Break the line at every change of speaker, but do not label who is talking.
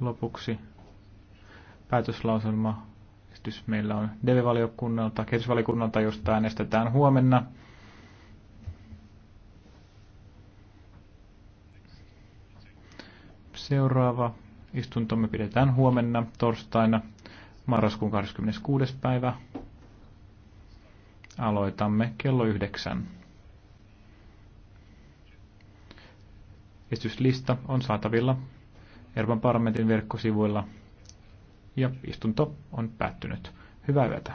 Lopuksi päätöslauselma esitys meillä on DV-valiokunnalta, kehitysvaliokunnalta, josta äänestetään huomenna. Seuraava istuntomme pidetään huomenna torstaina marraskuun 26. päivä. Aloitamme kello yhdeksän. Esityslista on saatavilla Euroopan parlamentin verkkosivuilla. Ja istunto on päättynyt. Hyvää yötä.